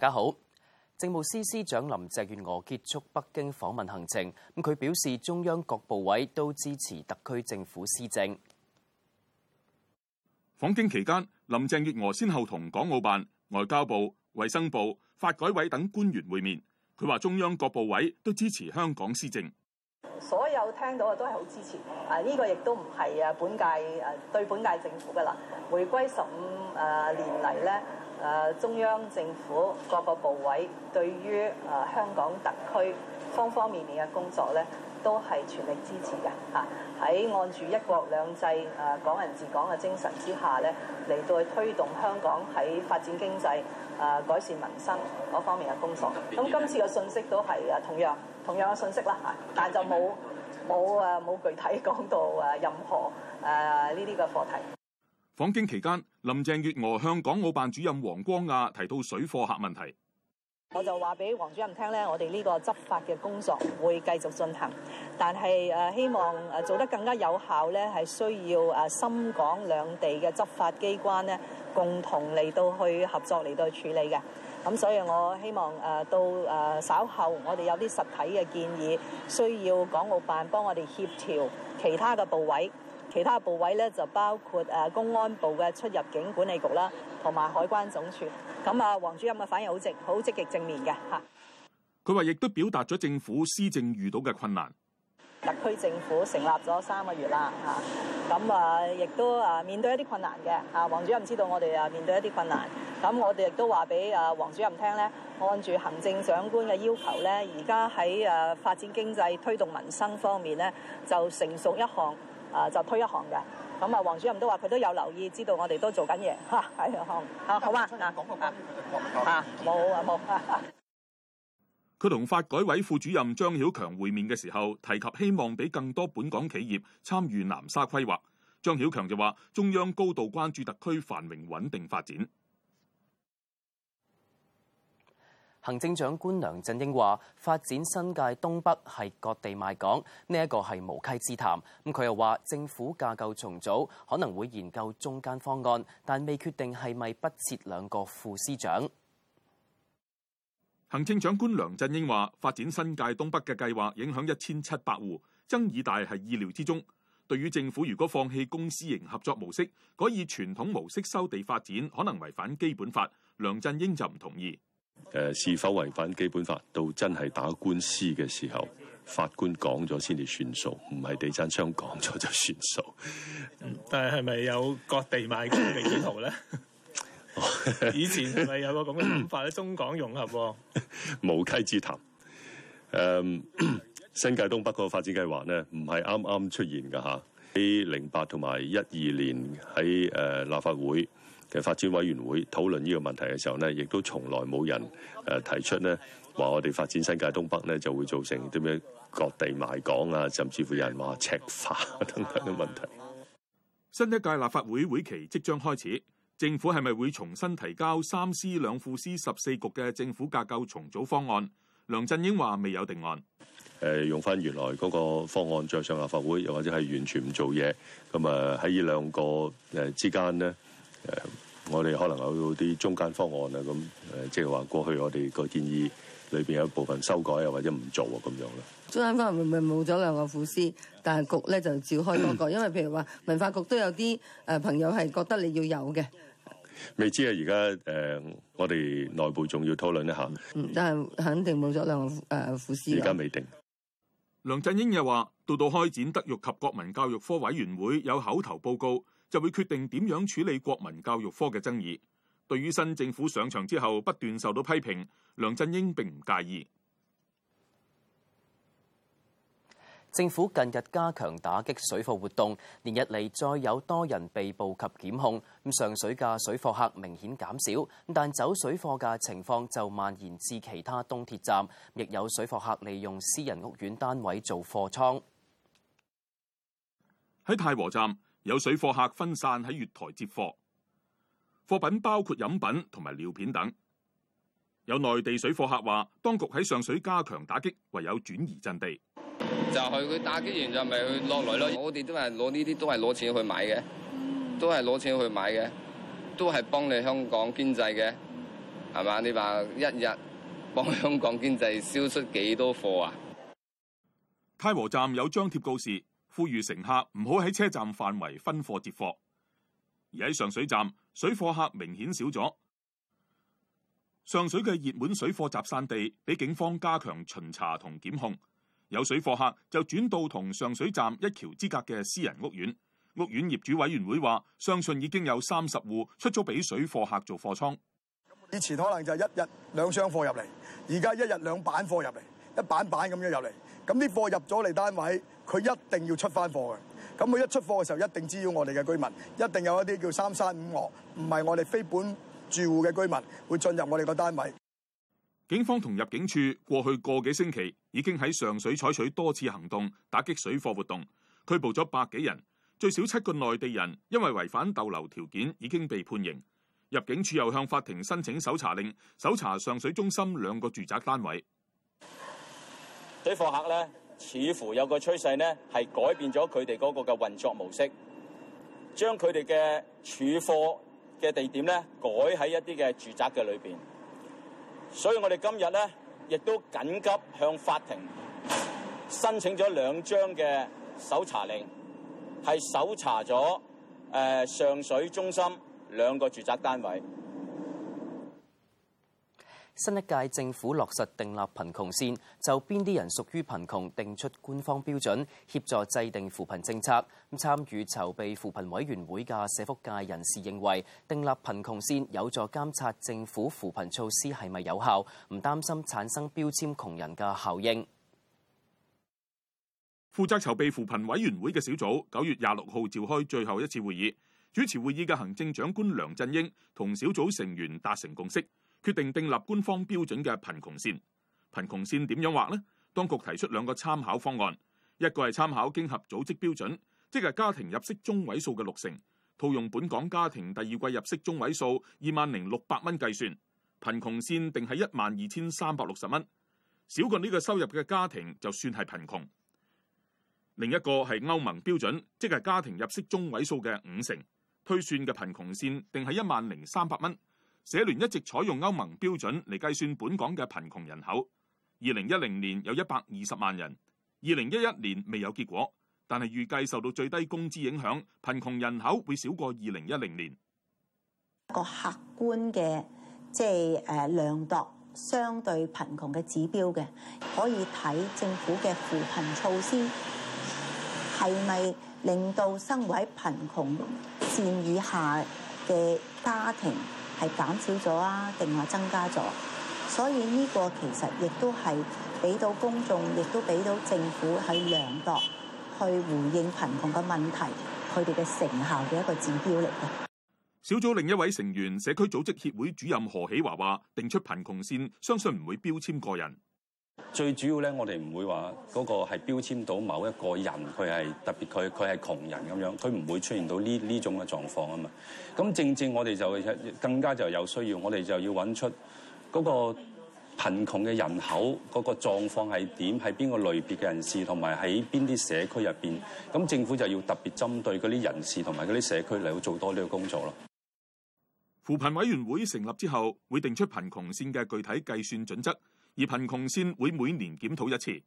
大家好，政務司司長林鄭月娥結束北京訪問行程，咁佢表示中央各部委都支持特區政府施政。訪京期間，林鄭月娥先後同港澳辦、外交部、衛生部、發改委等官員會面，佢話中央各部委都支持香港施政。所有聽到嘅都係好支持，啊呢個亦都唔係啊本屆啊對本屆政府噶啦，回歸十五誒年嚟咧。誒中央政府各個部委對於誒香港特區方方面面嘅工作咧，都係全力支持嘅嚇。喺按住一國兩制誒港人治港嘅精神之下咧，嚟到推動香港喺發展經濟誒改善民生嗰方面嘅工作。咁今次嘅信息都係誒同樣同樣嘅信息啦嚇，但就冇冇誒冇具體講到誒任何誒呢啲嘅課題。訪京期間，林鄭月娥向港澳辦主任王光亞提到水貨客問題，我就話俾王主任聽咧，我哋呢個執法嘅工作會繼續進行，但係誒希望誒做得更加有效咧，係需要誒深港兩地嘅執法機關咧共同嚟到去合作嚟到處理嘅。咁所以我希望誒到誒稍後我哋有啲實體嘅建議，需要港澳辦幫我哋協調其他嘅部委。其他部委咧就包括誒公安部嘅出入境管理局啦，同埋海關總署。咁啊，黃主任啊，反應好直好積極正面嘅吓，佢話亦都表達咗政府施政遇到嘅困難，特區政府成立咗三個月啦吓，咁啊亦都啊面對一啲困難嘅嚇。黃主任知道我哋啊面對一啲困難，咁我哋亦都話俾啊黃主任聽咧，按住行政長官嘅要求咧，而家喺誒發展經濟推動民生方面咧，就成熟一項。啊，就推一行嘅，咁啊，黃主任都話，佢都有留意，知道我哋都在做緊嘢，嚇， 係行好冇啊，冇。佢同發改委副主任張曉強會面嘅時候，提及希望俾更多本港企業參與南沙規劃。張曉強就話，中央高度關注特區繁榮穩定發展。行政長官梁振英話：發展新界東北係割地賣港，呢一個係無稽之談。咁佢又話，政府架構重組可能會研究中間方案，但未決定係咪不設兩個副司長。行政長官梁振英話：發展新界東北嘅計劃影響一千七百戶，爭議大係意料之中。對於政府如果放棄公私營合作模式，改以，以傳統模式收地發展，可能違反基本法，梁振英就唔同意。誒、呃、是否違反基本法？到真係打官司嘅時候，法官講咗先至算數，唔係地產商講咗就算數、嗯。但係係咪有割地賣嘅意圖咧？ 以前係咪有個咁嘅諗法咧，中港融合、啊 ，無稽之談。誒、um, 新界東北個發展計劃咧，唔係啱啱出現㗎吓，喺零八同埋一二年喺誒、呃、立法會。嘅發展委員會討論呢個問題嘅時候呢，亦都從來冇人誒，提出呢話我哋發展新界東北呢，就會造成點樣割地賣港啊，甚至乎有人話赤化等等嘅問題。新一屆立法會會期即將開始，政府係咪會重新提交三司兩副司十四局嘅政府架構重組方案？梁振英話未有定案。誒，用翻原來嗰個方案再上立法會，又或者係完全唔做嘢咁啊？喺呢兩個誒之間呢。誒，我哋可能有啲中間方案啦，咁誒，即係話過去我哋個建議裏邊有部分修改，又或者唔做咁樣啦。中間方案會唔會冇咗兩個副司，但係局咧就召開嗰個， 因為譬如話文化局都有啲誒朋友係覺得你要有嘅。未知啊，而家誒，我哋內部仲要討論一下。但係肯定冇咗兩個誒副司。而家未定。梁振英又話，到到開展德育及國民教育科委員會有口頭報告。就會決定點樣處理國民教育科嘅爭議。對於新政府上場之後不斷受到批評，梁振英並唔介意。政府近日加強打擊水貨活動，連日嚟再有多人被捕及檢控。咁上水嘅水貨客明顯減少，但走水貨嘅情況就蔓延至其他東鐵站，亦有水貨客利用私人屋苑單位做貨倉。喺太和站。有水貨客分散喺月台接貨，貨品包括飲品同埋尿片等。有內地水貨客話，當局喺上水加強打擊，唯有轉移陣地。就係佢打擊完就咪去落嚟咯。我哋都係攞呢啲都係攞錢去買嘅，都係攞錢去買嘅，都係幫你香港經濟嘅，係嘛？你話一日幫香港經濟消失幾多貨啊？太和站有張貼告示。呼籲乘客唔好喺車站範圍分貨接貨，而喺上水站水貨客明顯少咗。上水嘅熱門水貨集散地俾警方加強巡查同檢控，有水貨客就轉到同上水站一橋之隔嘅私人屋苑。屋苑業主委員會話，相信已經有三十戶出租俾水貨客做貨倉。以前可能就一日兩箱貨入嚟，而家一日兩板貨入嚟，一板板咁樣入嚟。咁啲貨入咗嚟單位。佢一定要出翻貨嘅，咁佢一出貨嘅時候一定滋擾我哋嘅居民，一定有一啲叫三山五岳，唔係我哋非本住戶嘅居民會進入我哋個單位。警方同入境處過去個幾星期已經喺上水採取多次行動，打擊水貨活動，拘捕咗百幾人，最少七個內地人因為違反逗留條件已經被判刑。入境處又向法庭申請搜查令，搜查上水中心兩個住宅單位。畀貨客咧。似乎有個趨勢咧，係改變咗佢哋嗰個嘅運作模式，將佢哋嘅儲貨嘅地點咧改喺一啲嘅住宅嘅裏邊。所以我哋今日咧亦都緊急向法庭申請咗兩張嘅搜查令，係搜查咗誒上水中心兩個住宅單位。新一屆政府落實訂立貧窮線，就邊啲人屬於貧窮，定出官方標準，協助制定扶貧政策。參與籌備扶貧委員會嘅社福界人士認為，訂立貧窮線有助監察政府扶貧措施係咪有效，唔擔心產生標籤窮人嘅效應。負責籌備扶貧委員會嘅小組，九月廿六號召開最後一次會議，主持會議嘅行政長官梁振英同小組成員達成共識。決定訂立官方標準嘅貧窮線，貧窮線點樣劃呢？當局提出兩個參考方案，一個係參考經合組織標準，即係家庭入息中位數嘅六成，套用本港家庭第二季入息中位數二萬零六百蚊計算，貧窮線定喺一萬二千三百六十蚊，少過呢個收入嘅家庭就算係貧窮。另一個係歐盟標準，即係家庭入息中位數嘅五成，推算嘅貧窮線定喺一萬零三百蚊。社聯一直採用歐盟標準嚟計算本港嘅貧窮人口。二零一零年有一百二十萬人，二零一一年未有結果，但係預計受到最低工資影響，貧窮人口會少過二零一零年。一個客觀嘅，即係量度相對貧窮嘅指標嘅，可以睇政府嘅扶貧措施係咪令到生活喺貧窮線以下嘅家庭。係減少咗啊，定話增加咗？所以呢個其實亦都係俾到公眾，亦都俾到政府量度去回應貧窮嘅問題，佢哋嘅成效嘅一個指標嚟嘅。小組另一位成員社區組織協會主任何喜華話：定出貧窮線，相信唔會標籤個人。最主要咧，我哋唔會話嗰個係標籤到某一個人，佢係特別，佢佢係窮人咁樣，佢唔會出現到呢呢種嘅狀況啊嘛。咁正正我哋就更加就有需要，我哋就要揾出嗰個貧窮嘅人口嗰個狀況係點，喺邊個類別嘅人士，同埋喺邊啲社區入邊。咁政府就要特別針對嗰啲人士同埋嗰啲社區嚟到做多啲嘅工作咯。扶貧委員會成立之後，會定出貧窮線嘅具體計算準則。而貧窮線會每年檢討一次。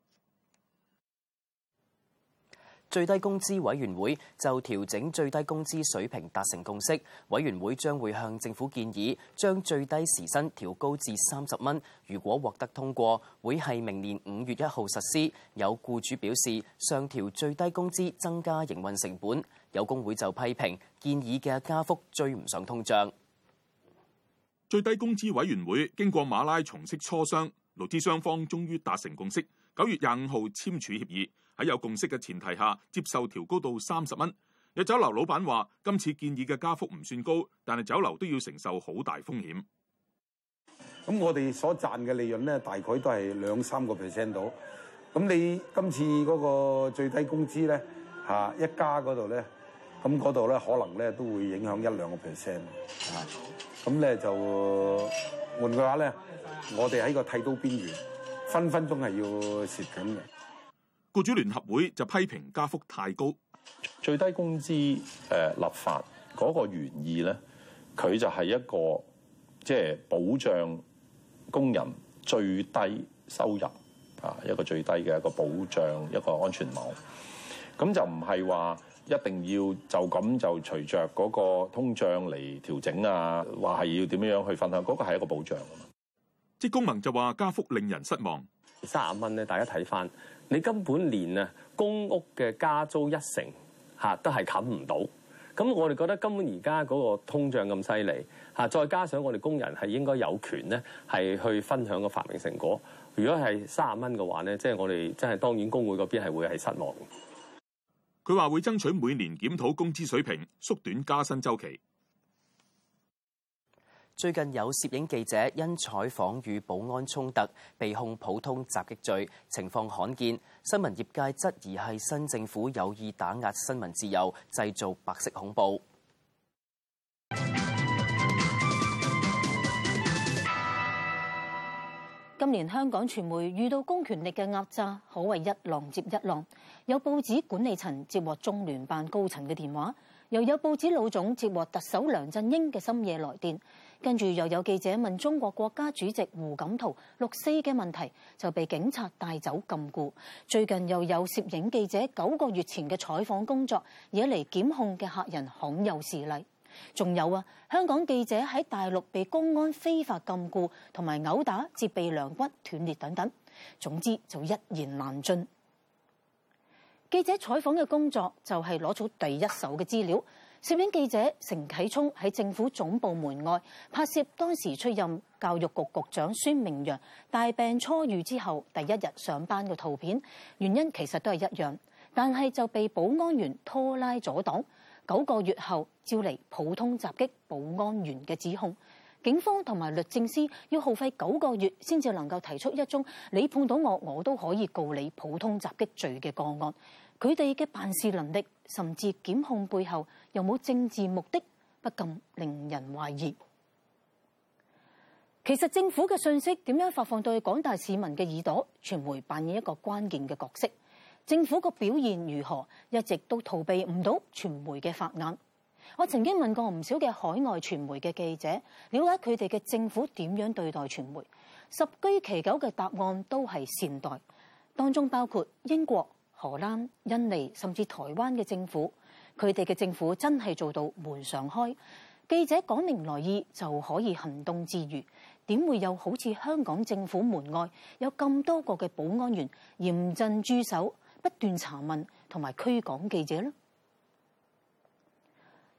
最低工資委員會就調整最低工資水平達成共識，委員會將會向政府建議將最低時薪調高至三十蚊。如果獲得通過，會係明年五月一號實施。有僱主表示上調最低工資增加營運成本，有工會就批評建議嘅加幅追唔上通脹。最低工資委員會經過馬拉松式磋商。勞資雙方終於達成共識，九月廿五號簽署協議，喺有共識嘅前提下接受調高到三十蚊。有酒樓老闆話：今次建議嘅加幅唔算高，但係酒樓都要承受好大風險。咁我哋所賺嘅利潤咧，大概都係兩三個 percent 到。咁你今次嗰個最低工資咧，吓一加嗰度咧，咁嗰度咧可能咧都會影響 1, 那就一兩個 percent。啊，咁咧就換句話咧。我哋喺個剃刀邊緣，分分鐘係要蝕緊嘅。僱主聯合會就批評加幅太高，最低工資誒、呃、立法、個原意咧，佢就係一個即係保障工人最低收入啊，一個最低嘅一個保障一個安全網。咁就唔係話一定要就咁就隨着個通脹嚟調整啊，話係要點樣樣去分享個係一個保障。啊嘛。啲工盟就話加幅令人失望，卅蚊咧，大家睇翻，你根本連啊公屋嘅加租一成吓都係冚唔到，咁我哋覺得根本而家嗰個通脹咁犀利吓，再加上我哋工人係應該有權咧係去分享個發明成果，如果係卅蚊嘅話咧，即係我哋真係當然工會嗰邊係會係失望。佢話會爭取每年檢討工資水平，縮短加薪周期。最近有攝影記者因採訪與保安衝突被控普通襲擊罪，情況罕見。新聞業界質疑係新政府有意打壓新聞自由，製造白色恐怖。今年香港傳媒遇到公權力嘅壓榨，可謂一浪接一浪。有報紙管理層接獲中聯辦高層嘅電話，又有報紙老總接獲特首梁振英嘅深夜來電。跟住又有記者問中國國家主席胡錦濤六四嘅問題，就被警察帶走禁錮。最近又有攝影記者九個月前嘅採訪工作惹嚟檢控嘅客人罕有事例。仲有啊，香港記者喺大陸被公安非法禁錮，同埋毆打，至鼻梁骨斷裂等等。總之就一言難盡。記者採訪嘅工作就係攞咗第一手嘅資料。攝影記者成啟聰喺政府總部門外拍攝當時出任教育局局長孫明揚大病初愈之後第一日上班嘅圖片，原因其實都係一樣，但係就被保安員拖拉阻擋。九個月後招嚟，普通襲擊保安員嘅指控。警方同埋律政司要耗費九個月，先至能夠提出一宗你碰到我，我都可以告你普通襲擊罪嘅個案。佢哋嘅辦事能力，甚至檢控背後有冇政治目的，不禁令人懷疑。其實政府嘅信息點樣發放對廣大市民嘅耳朵，傳媒扮演一個關鍵嘅角色。政府個表現如何，一直都逃避唔到傳媒嘅法眼。我曾經問過唔少嘅海外傳媒嘅記者，了解佢哋嘅政府點樣對待傳媒，十居其九嘅答案都係善待，當中包括英國、荷蘭、印尼甚至台灣嘅政府，佢哋嘅政府真係做到門常開，記者講明來意就可以行動自如，點會有好似香港政府門外有咁多個嘅保安員嚴陣駐守，不斷查問同埋驅趕記者呢？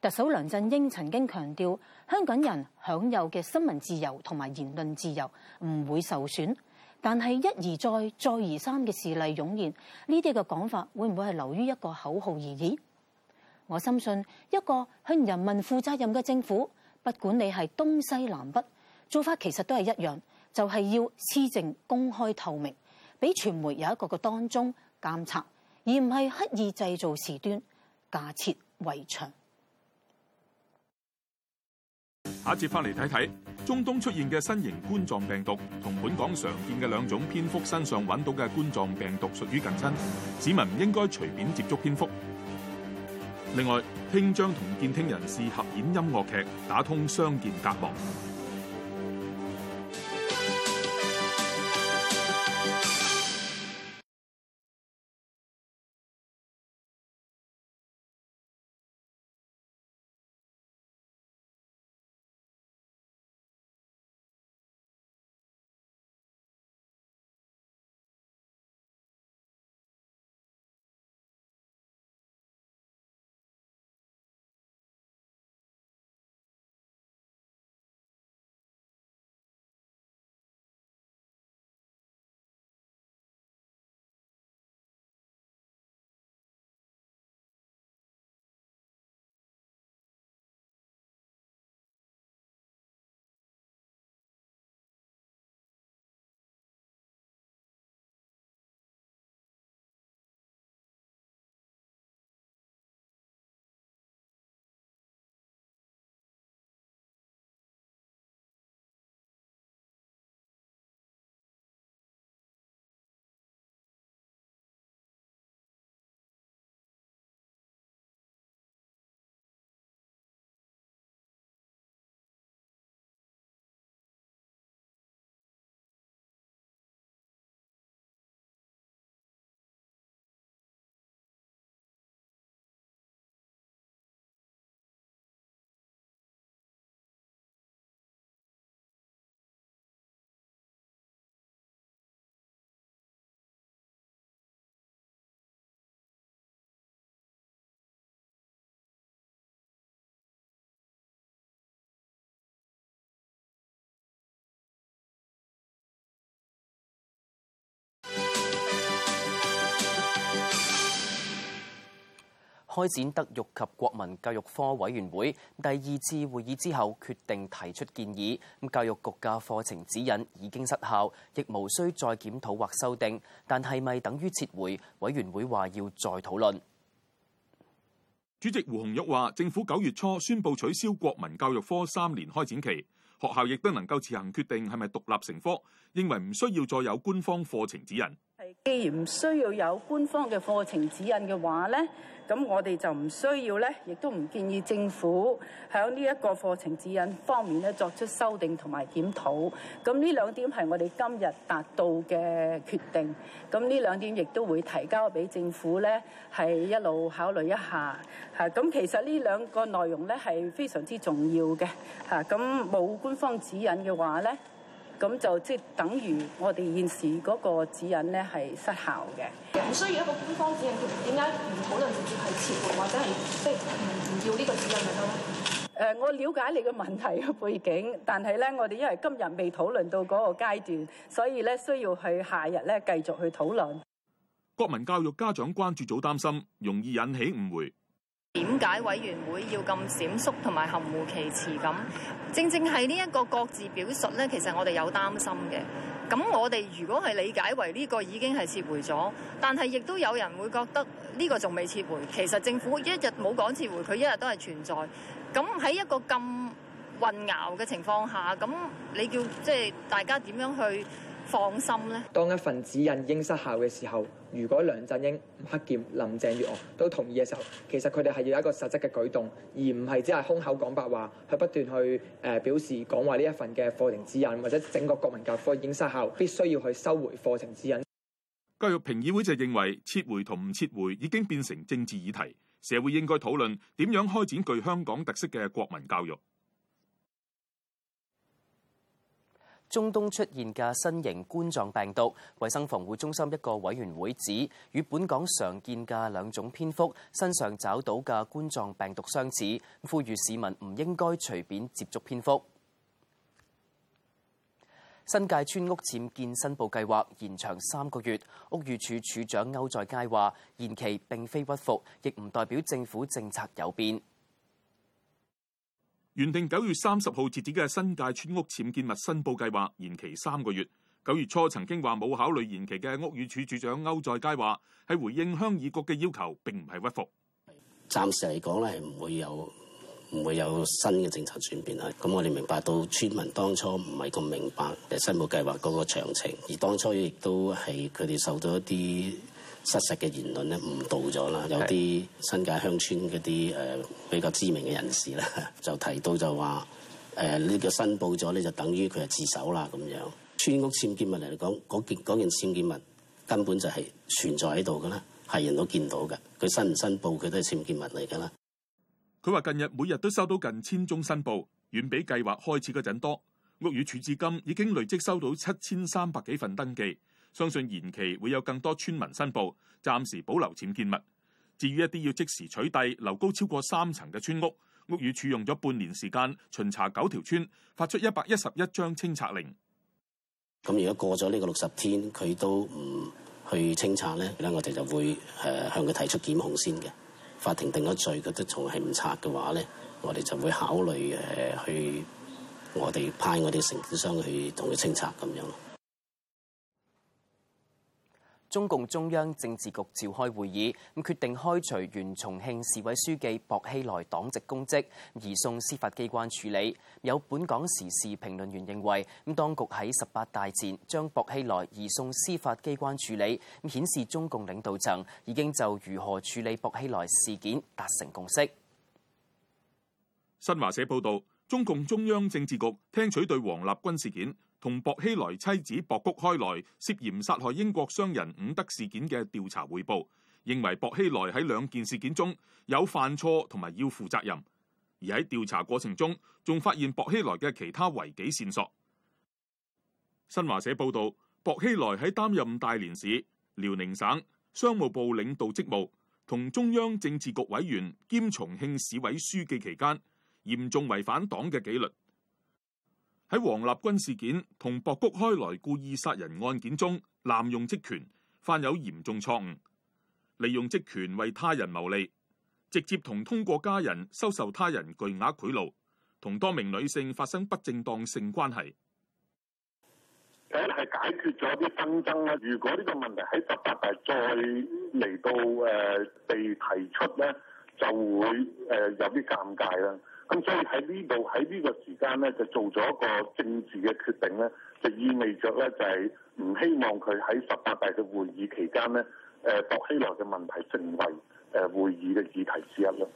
特首梁振英曾經強調，香港人享有嘅新聞自由同埋言論自由唔會受損，但係一而再、再而三嘅事例湧現，呢啲嘅講法會唔會係流於一個口號而已？我深信一個向人民負責任嘅政府，不管你係東西南北，做法其實都係一樣，就係、是、要施政公開透明，俾傳媒有一個個當中監察，而唔係刻意製造事端架設圍牆。下一節翻嚟睇睇，中東出現嘅新型冠狀病毒同本港常見嘅兩種蝙蝠身上揾到嘅冠狀病毒屬於近親，市民唔應該隨便接觸蝙蝠。另外，聽障同健聽人士合演音樂劇，打通相見隔膜。開展德育及國民教育科委員會第二次會議之後，決定提出建議。教育局嘅課程指引已經失效，亦無需再檢討或修訂。但係咪等於撤回？委員會話要再討論。主席胡紅玉話，政府九月初宣布取消國民教育科三年開展期，學校亦都能夠自行決定係咪獨立成科，認為唔需要再有官方課程指引。既然唔需要有官方嘅課程指引嘅話呢，咁我哋就唔需要咧，亦都唔建議政府喺呢一個課程指引方面咧作出修訂同埋檢討。咁呢兩點係我哋今日達到嘅決定。咁呢兩點亦都會提交俾政府咧，係一路考慮一下。嚇，咁其實呢兩個內容咧係非常之重要嘅。嚇，咁冇官方指引嘅話咧。咁就即係等於我哋現時嗰個指引咧係失效嘅。唔需要一個官方指引，點解唔討論直接係撤回，或者係即係唔要呢個指引咪得咧？誒，我了解你嘅問題嘅背景，但係咧，我哋因為今日未討論到嗰個階段，所以咧需要去下日咧繼續去討論。國民教育家長關注組擔心，容易引起誤會。點解委員會要咁閃縮同埋含糊其詞咁？正正係呢一個各自表述呢，其實我哋有擔心嘅。咁我哋如果係理解為呢個已經係撤回咗，但係亦都有人會覺得呢個仲未撤回。其實政府一日冇講撤回，佢一日都係存在。咁喺一個咁混淆嘅情況下，咁你叫即係大家點樣去？放心咧？當一份指引已經失效嘅時候，如果梁振英、吳克儉、林鄭月娥都同意嘅時候，其實，佢哋係要一個實質嘅舉動，而唔係只係空口講白話去不斷去誒表示講話呢一份嘅課程指引或者整個國民教科已經失效，必須要去收回課程指引。教育評議會就認為撤回同唔撤回已經變成政治議題，社會應該討論點樣開展具香港特色嘅國民教育。中東出現嘅新型冠狀病毒，衛生防護中心一個委員會指，與本港常見嘅兩種蝙蝠身上找到嘅冠狀病毒相似，呼籲市民唔應該隨便接觸蝙蝠。新界村屋僭建申報計劃延長三個月，屋宇署署長歐在佳話，延期並非屈服，亦唔代表政府政策有變。原定九月三十號截止嘅新界村屋僭建物申報計劃延期三個月。九月初曾經話冇考慮延期嘅屋宇署署長歐在佳話係回應鄉議局嘅要求，並唔係屈服。暫時嚟講咧，係唔會有唔會有新嘅政策轉變啦。咁我哋明白到村民當初唔係咁明白申報計劃嗰個詳情，而當初亦都係佢哋受到一啲失實嘅言論咧誤導咗啦，有啲新界鄉村嗰啲誒比較知名嘅人士啦，就提到就話誒呢個申報咗咧，就等於佢係自首啦咁樣。村屋僭建物嚟講，嗰件件僭建物根本就係存在喺度噶啦，係人都見到嘅。佢申唔申報，佢都係僭建物嚟噶啦。佢話近日每日都收到近千宗申報，遠比計劃開始嗰陣多。屋宇處至今已經累積收到七千三百幾份登記。相信延期會有更多村民申報，暫時保留僭建物。至於一啲要即時取締、樓高超過三層嘅村屋，屋宇署用咗半年時間巡查九條村，發出一百一十一張清拆令。咁如果過咗呢個六十天，佢都唔去清拆咧，咁我哋就會誒向佢提出檢控先嘅。法庭定咗罪，佢都仲係唔拆嘅話咧，我哋就會考慮誒去我哋派我哋承建商去同佢清拆咁樣。中共中央政治局召開會議，決定開除原重慶市委書記薄熙來黨籍公職，移送司法機關處理。有本港時事評論員認為，當局喺十八大前將薄熙來移送司法機關處理，顯示中共領導層已經就如何處理薄熙來事件達成共識。新華社報道，中共中央政治局聽取對王立軍事件。同薄熙來妻子薄谷開來涉嫌殺害英國商人伍德事件嘅調查匯報，認為薄熙來喺兩件事件中有犯錯同埋要負責任，而喺調查過程中仲發現薄熙來嘅其他違紀線索。新華社報道，薄熙來喺擔任大連市、遼寧省商務部領導職務同中央政治局委員兼重慶市委書記期間，嚴重違反黨嘅紀律。喺王立軍事件同薄谷開來故意殺人案件中，濫用職權，犯有嚴重錯誤，利用職權為他人牟利，直接同通過家人收受他人巨額賄賂，同多名女性發生不正當性關係。第一係解決咗啲紛爭啦。如果呢個問題喺十八大再嚟到誒、呃、被提出咧，就會誒、呃、有啲尷尬啦。咁所以喺呢度，喺呢個時間咧，就做咗一個政治嘅決定咧，就意味著咧就係、是、唔希望佢喺十八大嘅會議期間咧，誒薄熙來嘅問題成為誒會議嘅議題之一咯。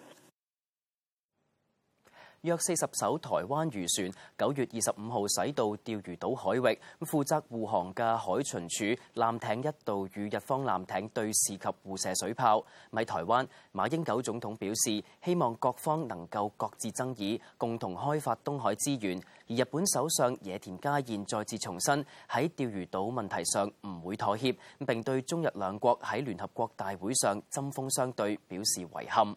約四十艘台灣漁船九月二十五號駛到釣魚島海域，負責護航嘅海巡署艦艇一度與日方艦艇對峙及互射水炮。喺台灣，馬英九總統表示希望各方能夠各自爭議，共同開發東海資源。而日本首相野田佳彥再次重申喺釣魚島問題上唔會妥協，並對中日兩國喺聯合國大會上針鋒相對表示遺憾。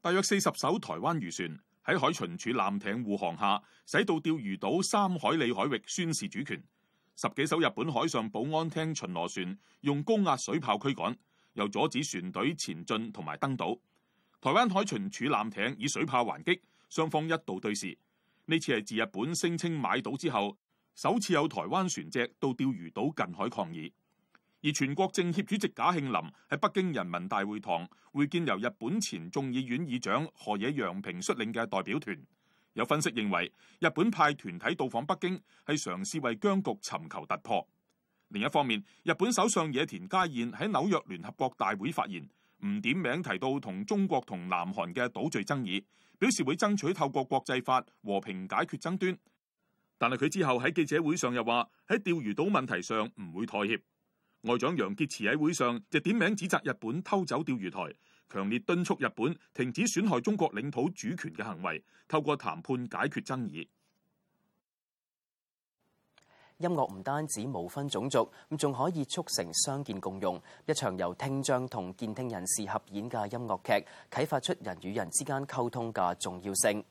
大約四十艘台灣漁船喺海巡署艦艇護航下，駛到釣魚島三海里海域宣示主權。十幾艘日本海上保安廳巡邏船用高壓水炮驅趕，又阻止船隊前進同埋登島。台灣海巡署艦艇以水炮還擊，雙方一度對峙。呢次係自日本聲稱買島之後，首次有台灣船隻到釣魚島近海抗議。而全國政協主席賈慶林喺北京人民大會堂會見由日本前眾議院議長河野洋平率領嘅代表團。有分析認為，日本派團體到訪北京，係嘗試為僵局尋求突破。另一方面，日本首相野田佳彥喺紐約聯合國大會發言，唔點名提到同中國同南韓嘅島嶼爭議，表示會爭取透過國際法和平解決爭端。但係佢之後喺記者會上又話喺釣魚島問題上唔會妥協。外長楊潔篪喺會上就點名指責日本偷走釣魚台，強烈敦促日本停止損害中國領土主權嘅行為，透過談判解決爭議。音樂唔單止無分種族，咁仲可以促成相見共用。一場由聽障同健聽人士合演嘅音樂劇，啟發出人與人之間溝通嘅重要性。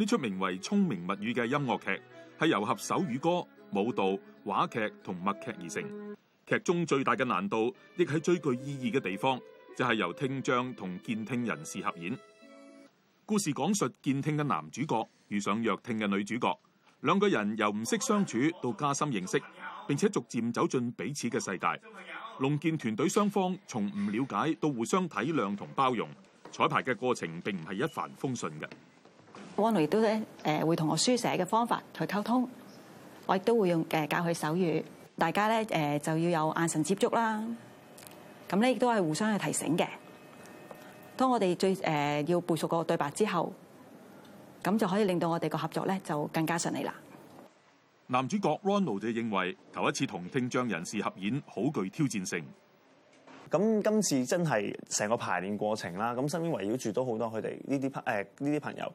呢齣名為《聰明物語》嘅音樂劇，係由合手語歌、舞蹈、話劇同默劇而成。劇中最大嘅難度，亦係最具意義嘅地方，就係由聽障同健聽人士合演。故事講述健聽嘅男主角遇上弱聽嘅女主角，兩個人由唔識相處到加深認識，並且逐漸走進彼此嘅世界。聾健團隊雙方從唔了解到互相體諒同包容，彩排嘅過程並唔係一帆風順嘅。Ronald 都咧，誒，會同我書寫嘅方法去溝通。我亦都會用誒教佢手語。大家咧，誒，就要有眼神接觸啦。咁咧亦都係互相去提醒嘅。當我哋最誒要背熟個對白之後，咁就可以令到我哋個合作咧就更加順利啦。男主角 Ronald 就認為頭一次同聽障人士合演好具挑戰性。咁今次真係成個排練過程啦，咁身邊圍繞住都好多佢哋呢啲朋誒呢啲朋友，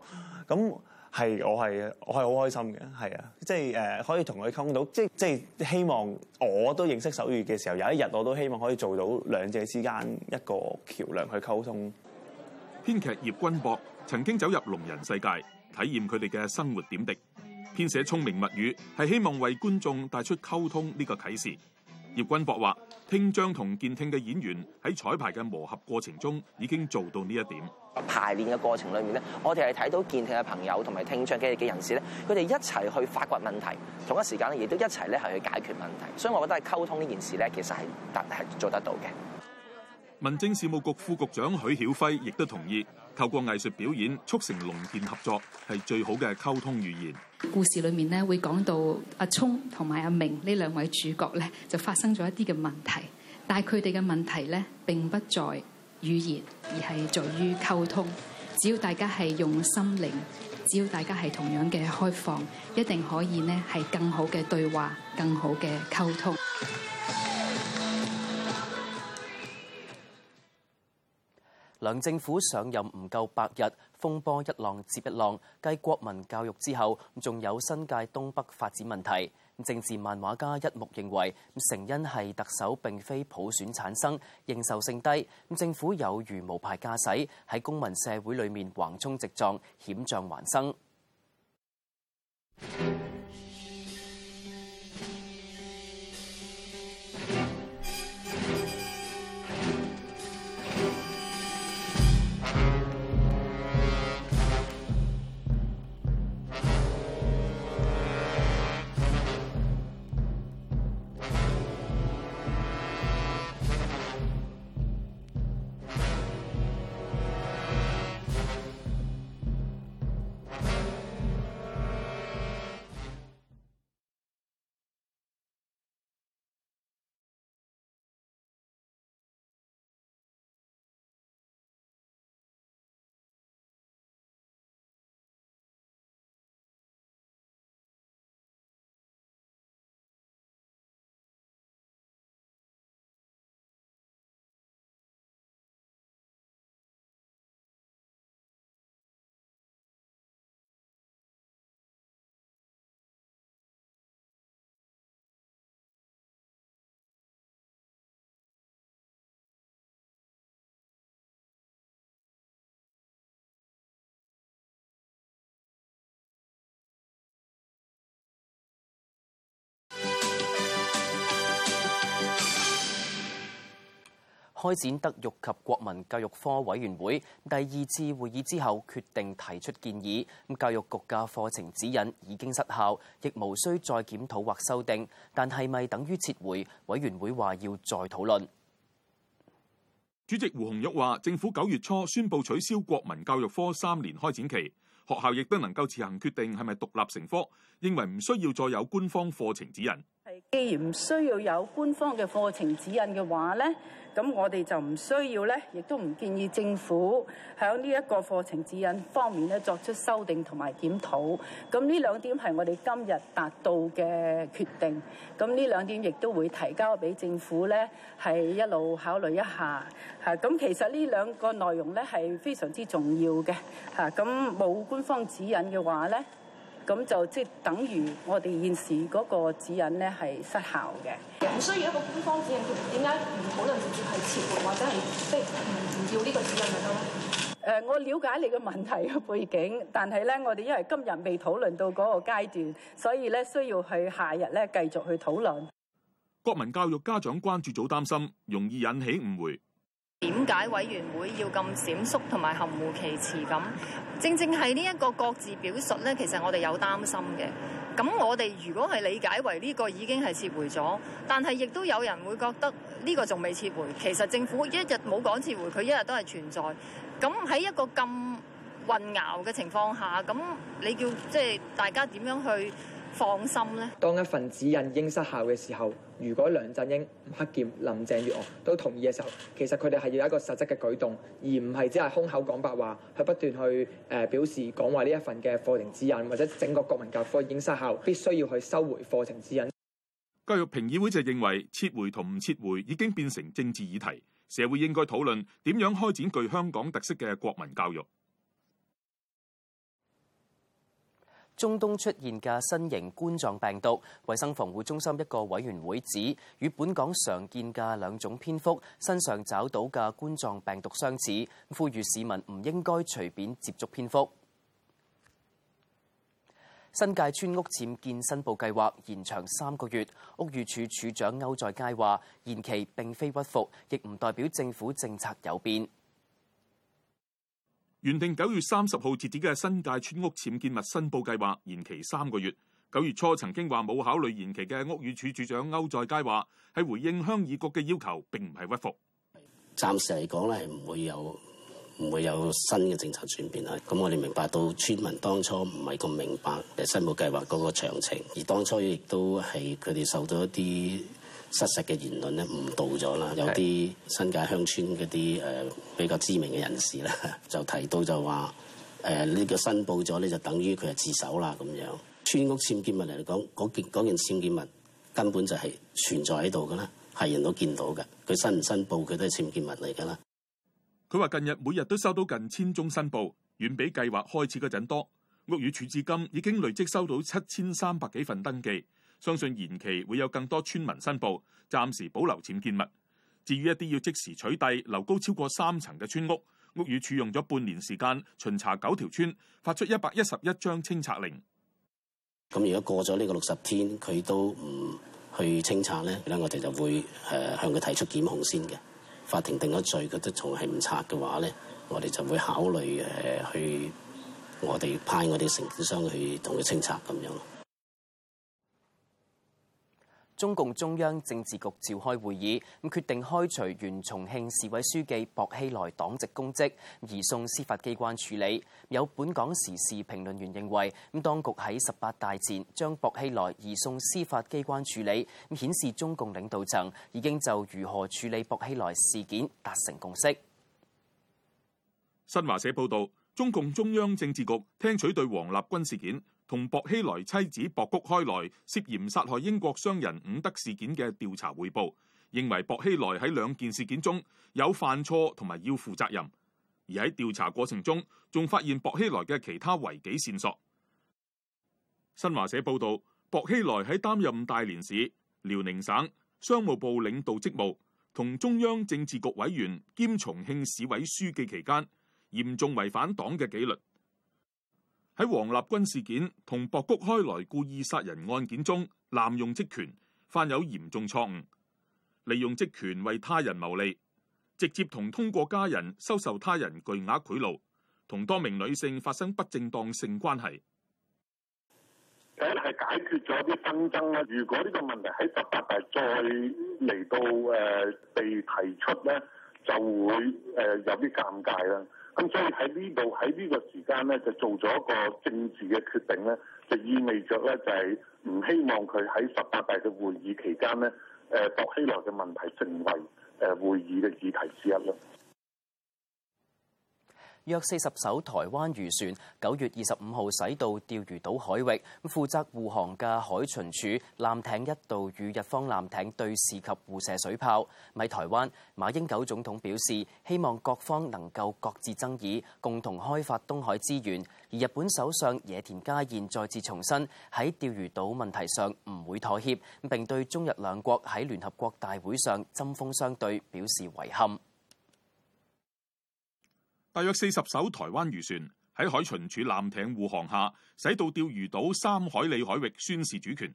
咁係我係我係好開心嘅，係啊，即係呃、可以同佢溝到，即係即係、希望我都認識手語嘅時候，有一日我都希望可以做到兩者之間一個橋梁去溝通。編劇葉君博曾經走入聾人世界，體驗佢哋嘅生活點滴，編寫聰明物語係希望為觀眾帶出溝通呢個啟示。葉君博話：聽障同健聽嘅演員喺彩排嘅磨合過程中，已經做到呢一點。排練嘅過程裏面咧，我哋係睇到健聽嘅朋友同埋聽障嘅人士咧，佢哋一齊去發掘問題，同一時間咧亦都一齊咧係去解決問題。所以我覺得係溝通呢件事咧，其實係得係做得到嘅。民政事務局副局長許曉輝亦都同意，透過藝術表演促成聾健合作，係最好嘅溝通語言。故事裏面呢，會講到阿聰同埋阿明呢兩位主角呢，就發生咗一啲嘅問題，但係佢哋嘅問題呢，並不在語言，而係在於溝通。只要大家係用心靈，只要大家係同樣嘅開放，一定可以呢係更好嘅對話，更好嘅溝通。梁政府上任唔夠百日，風波一浪接一浪。繼國民教育之後，仲有新界東北發展問題。政治漫畫家一木認為，成因係特首並非普選產生，認受性低。政府有如無牌駕駛，喺公民社會裡面橫衝直撞，險象環生。開展德育及國民教育科委員會第二次會議之後，決定提出建議。咁教育局嘅課程指引已經失效，亦無需再檢討或修訂。但係咪等於撤回？委員會話要再討論。主席胡紅玉話，政府九月初宣布取消國民教育科三年開展期，學校亦都能夠自行決定係咪獨立成科，認為唔需要再有官方課程指引。既然唔需要有官方嘅課程指引嘅話呢。咁我哋就唔需要咧，亦都唔建議政府喺呢一個課程指引方面咧作出修訂同埋檢討。咁呢兩點係我哋今日達到嘅決定。咁呢兩點亦都會提交俾政府咧，係一路考慮一下。嚇，咁其實兩內呢兩個內容咧係非常之重要嘅。嚇，咁冇官方指引嘅話咧。咁就即係等於我哋現時嗰個指引咧係失效嘅。唔需要一個官方指引，點解唔討論直接係撤回或者係即係唔要呢個指引咪得咧？誒、呃，我了解你嘅問題嘅背景，但係咧，我哋因為今日未討論到嗰個階段，所以咧需要去下日咧繼續去討論。國民教育家長關注組擔心，容易引起誤會。點解委員會要咁閃縮同埋含糊其詞咁？正正係呢一個各自表述呢，其實我哋有擔心嘅。咁我哋如果係理解為呢個已經係撤回咗，但係亦都有人會覺得呢個仲未撤回。其實政府一日冇講撤回，佢一日都係存在。咁喺一個咁混淆嘅情況下，咁你叫即係大家點樣去？放心咧。當一份指引應失效嘅時候，如果梁振英、吳克儉、林鄭月娥都同意嘅時候，其實佢哋係要有一個實質嘅舉動，而唔係只係空口講白話去不斷去誒表示講話呢一份嘅課程指引或者整個國民教科已經失效，必須要去收回課程指引。教育評議會就認為撤回同唔撤回已經變成政治議題，社會應該討論點樣開展具香港特色嘅國民教育。中東出現嘅新型冠狀病毒，衞生防護中心一個委員會指，與本港常見嘅兩種蝙蝠身上找到嘅冠狀病毒相似，呼籲市民唔應該隨便接觸蝙蝠。新界村屋僭建申報計劃延長三個月，屋宇署署長歐在佳話，延期並非屈服，亦唔代表政府政策有變。原定九月三十號截止嘅新界村屋僭建物申報計劃延期三個月。九月初曾經話冇考慮延期嘅屋宇署署長歐在佳話，係回應鄉議局嘅要求，並唔係屈服。暫時嚟講咧，係唔會有唔會有新嘅政策轉變啊。咁我哋明白到村民當初唔係咁明白申報計劃嗰個詳情，而當初亦都係佢哋受到一啲失實嘅言論咧，誤導咗啦。有啲新界鄉村嗰啲誒比較知名嘅人士咧，就提到就話誒呢個申報咗咧，就等於佢係自首啦咁樣。村屋僭建物嚟講，嗰件嗰件僭建物根本就係存在喺度噶啦，係人都見到㗎。佢申唔申報，佢都係僭建物嚟㗎啦。佢話近日每日都收到近千宗申報，遠比計劃開始嗰陣多。屋宇處至今已經累積收到七千三百幾份登記。相信延期會有更多村民申報，暫時保留僭建物。至於一啲要即時取締、樓高超過三層嘅村屋，屋宇署用咗半年時間巡查九條村，發出一百一十一張清拆令。咁如果過咗呢個六十天，佢都唔去清拆咧，咧我哋就會誒向佢提出檢控先嘅。法庭定咗罪，佢都仲係唔拆嘅話咧，我哋就會考慮誒去我哋派我哋承建商去同佢清拆咁樣。中共中央政治局召開會議，決定開除原重慶市委書記薄熙來黨籍公職，移送司法機關處理。有本港時事評論員認為，當局喺十八大前將薄熙來移送司法機關處理，顯示中共領導層已經就如何處理薄熙來事件達成共識。新華社報道中共中央政治局聽取對王立軍事件，同薄熙來妻子薄谷開來涉嫌殺害英國商人伍德事件嘅調查匯報，認為薄熙來喺兩件事件中有犯錯同埋要負責任，而喺調查過程中仲發現薄熙來嘅其他違紀線索。新華社報道，薄熙來喺擔任大連市、遼寧省商務部領導職務同中央政治局委員兼重慶市委書記期間，嚴重違反黨嘅紀律。喺黃立軍事件同薄谷開來故意殺人案件中，濫用職權，犯有嚴重錯誤，利用職權為他人牟利，直接同通過家人收受他人巨額賄賂，同多名女性發生不正當性關係。第一係解決咗啲紛爭啦。如果呢個問題喺十八大再嚟到誒被提出咧，就會誒有啲尷尬啦。咁所以喺呢度喺呢個時間咧，就做咗一個政治嘅決定咧，就意味著咧，就係唔希望佢喺十八大嘅會議期間咧，誒薄熙來嘅問題成為誒會議嘅議題之一咯。約四十艘台灣漁船九月二十五號駛到釣魚島海域，負責護航嘅海巡署艦艇一度與日方艦艇對峙及互射水炮。喺台灣，馬英九總統表示希望各方能夠各自爭議，共同開發東海資源。而日本首相野田佳彥再次重申喺釣魚島問題上唔會妥協，並對中日兩國喺聯合國大會上針鋒相對表示遺憾。大約四十艘台灣漁船喺海巡署艦艇護航下，駛到釣魚島三海里海域宣示主權。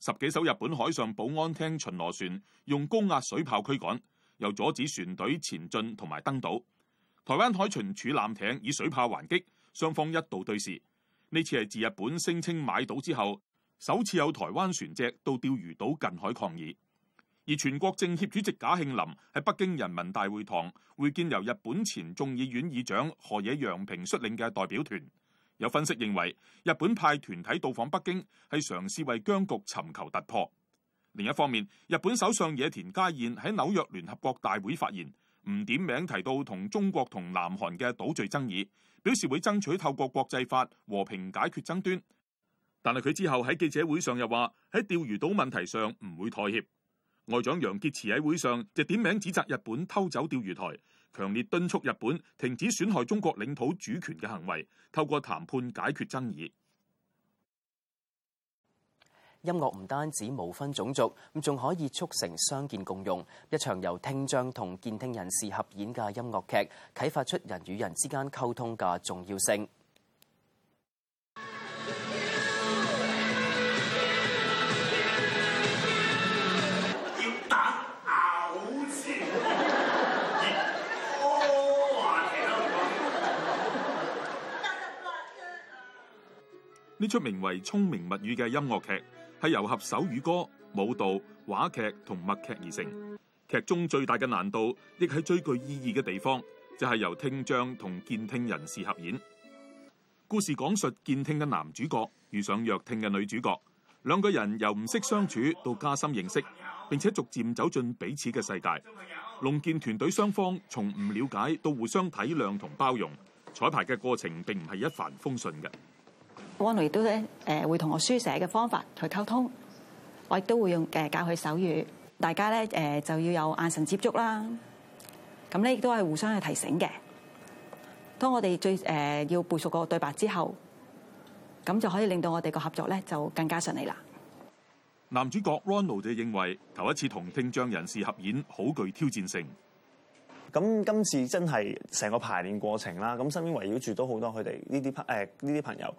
十幾艘日本海上保安廳巡邏船用高壓水炮驅趕，又阻止船隊前進同埋登島。台灣海巡署艦艇以水炮還擊，雙方一度對峙。呢次係自日本聲稱買島之後，首次有台灣船隻到釣魚島近海抗議。而全國政協主席賈慶林喺北京人民大會堂會見由日本前眾議院議長河野洋平率領嘅代表團。有分析認為，日本派團體到訪北京係嘗試為僵局尋求突破。另一方面，日本首相野田佳彥喺紐約聯合國大會發言，唔點名提到同中國同南韓嘅島嶼爭議，表示會爭取透過國際法和平解決爭端。但係佢之後喺記者會上又話喺釣魚島問題上唔會妥協。外長楊潔篪喺會上就點名指責日本偷走釣魚台，強烈敦促日本停止損害中國領土主權嘅行為，透過談判解決爭議。音樂唔單止無分種族，咁仲可以促成傷健共融。一場由聽障同健聽人士合演嘅音樂劇，啟發出人與人之間溝通嘅重要性。呢出名為《聰明物語》嘅音樂劇，係由合手語歌、舞蹈、話劇同默劇而成。劇中最大嘅難度，亦係最具意義嘅地方，就係由聽障同健聽人士合演。故事講述健聽嘅男主角遇上弱聽嘅女主角，兩個人由唔識相處到加深認識，並且逐漸走進彼此嘅世界。聾健團隊雙方從唔了解到互相體諒同包容，彩排嘅過程並唔係一帆風順嘅。Ronald 亦都咧，誒會同我書寫嘅方法去溝通，我亦都會用誒教佢手語。大家咧誒就要有眼神接觸啦。咁咧亦都係互相去提醒嘅。當我哋最誒要背熟個對白之後，咁就可以令到我哋個合作咧就更加順利啦。男主角 Ronald 就認為頭一次同聽障人士合演好具挑戰性。咁今次真係成個排練過程啦，咁身邊圍繞住都好多佢哋呢啲朋呢啲朋友，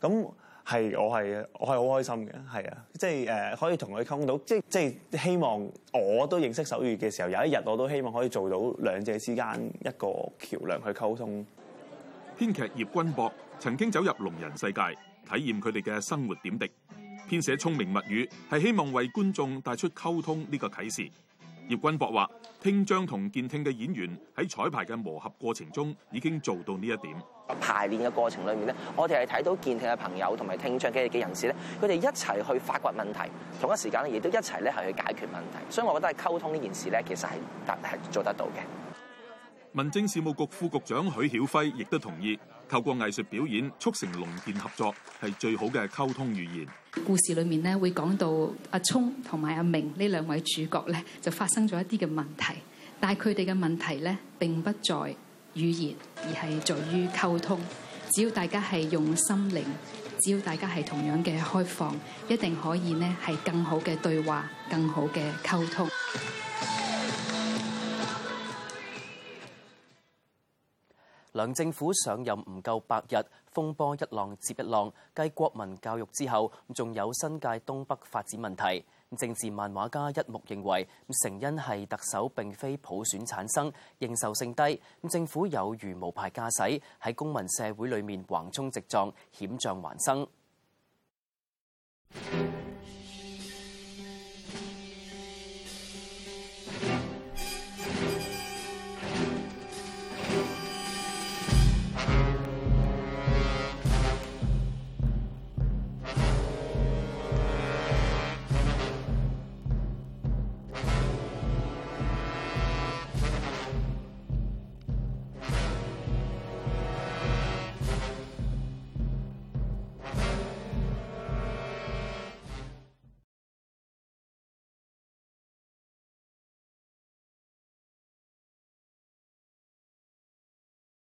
咁係我係我係好開心嘅，係啊，即係呃，可以同佢溝到，即係即係希望我都認識手語嘅時候，有一日我都希望可以做到兩者之間一個橋梁去溝通。編劇葉君博曾經走入聾人世界，體驗佢哋嘅生活點滴，編寫聰明物語係希望為觀眾帶出溝通呢個啟示。葉君博話：聽障同健聽嘅演員喺彩排嘅磨合過程中，已經做到呢一點。排練嘅過程裏面咧，我哋係睇到健聽嘅朋友同埋聽障嘅嘅人士咧，佢哋一齊去發掘問題，同一時間咧亦都一齊咧係去解決問題，所以我覺得係溝通呢件事咧，其實係得係做得到嘅。民政事務局副局長許曉輝亦都同意，透過藝術表演促成聾健合作，係最好嘅溝通語言。故事裡面呢會講到阿聰同埋阿明呢兩位主角呢，就發生咗一啲嘅問題，但係佢哋嘅問題呢，並不在語言，而係在於溝通。只要大家係用心靈，只要大家係同樣嘅開放，一定可以呢係更好嘅對話，更好嘅溝通。梁政府上任唔夠百日，風波一浪接一浪。繼國民教育之後，仲有新界東北發展問題。政治漫畫家一目認為，成因係特首並非普選產生，認受性低。政府有如無牌駕駛，喺公民社會裡面橫衝直撞，險象環生。